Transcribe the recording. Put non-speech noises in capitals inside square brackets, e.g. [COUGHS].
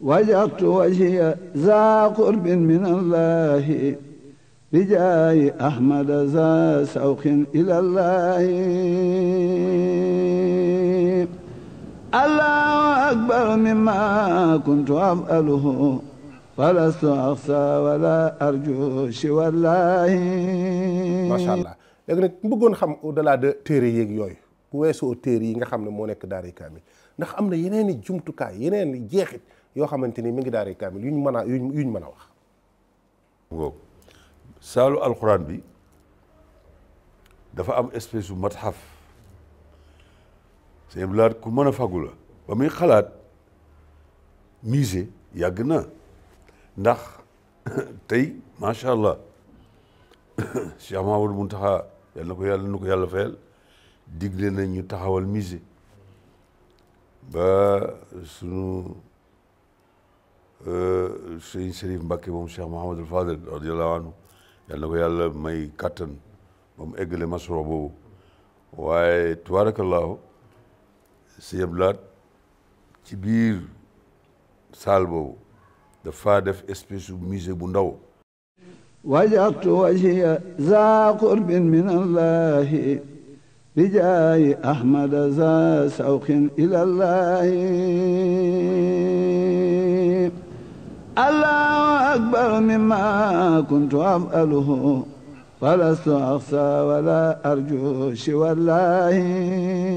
وجهت وجهي ذا قرب من الله بجاي أحمد ذا سوق إلى الله الله أكبر مما كنت أفعله ولست أخشى ولا أرجو سوى الله ما شاء الله léegi nag bëggoon xam au delà de téere yeeg yooyu bu weesoo téere yi nga xam ne moo nekk daara kaamil ndax am na yeneen i jumtukaay yeneen i jeexit yoo xamante ni mi ngi daaree kaamil yuñ mën a yuñ mën a wax. bi dafa am espèce su matxaf sëñ bi ku mën a fagu la ba muy xalaat musée yàgg na ndax [COUGHS] tey macha allah [COUGHS] Cheikh Mahamadou Muntaxa yàlla na ko yàlla na ko yàlla fayal digle nañ ñu taxawal musée ba sunu. sëñ Sërif Mbàkke moom Cheikh Mahamadul Fadel radiallahu yal na ko yàlla may kàttan ba mu eggale masro boobu waaye tabaarakallaahu si yeblaat ci biir saal boobu dafa def espèce bu musée bu ndaw za qurbin min allahi bijaayi ahmada za sawqin ilallahi الله أكبر مما كنت أفعله فلست أخشى ولا أرجو سوى الله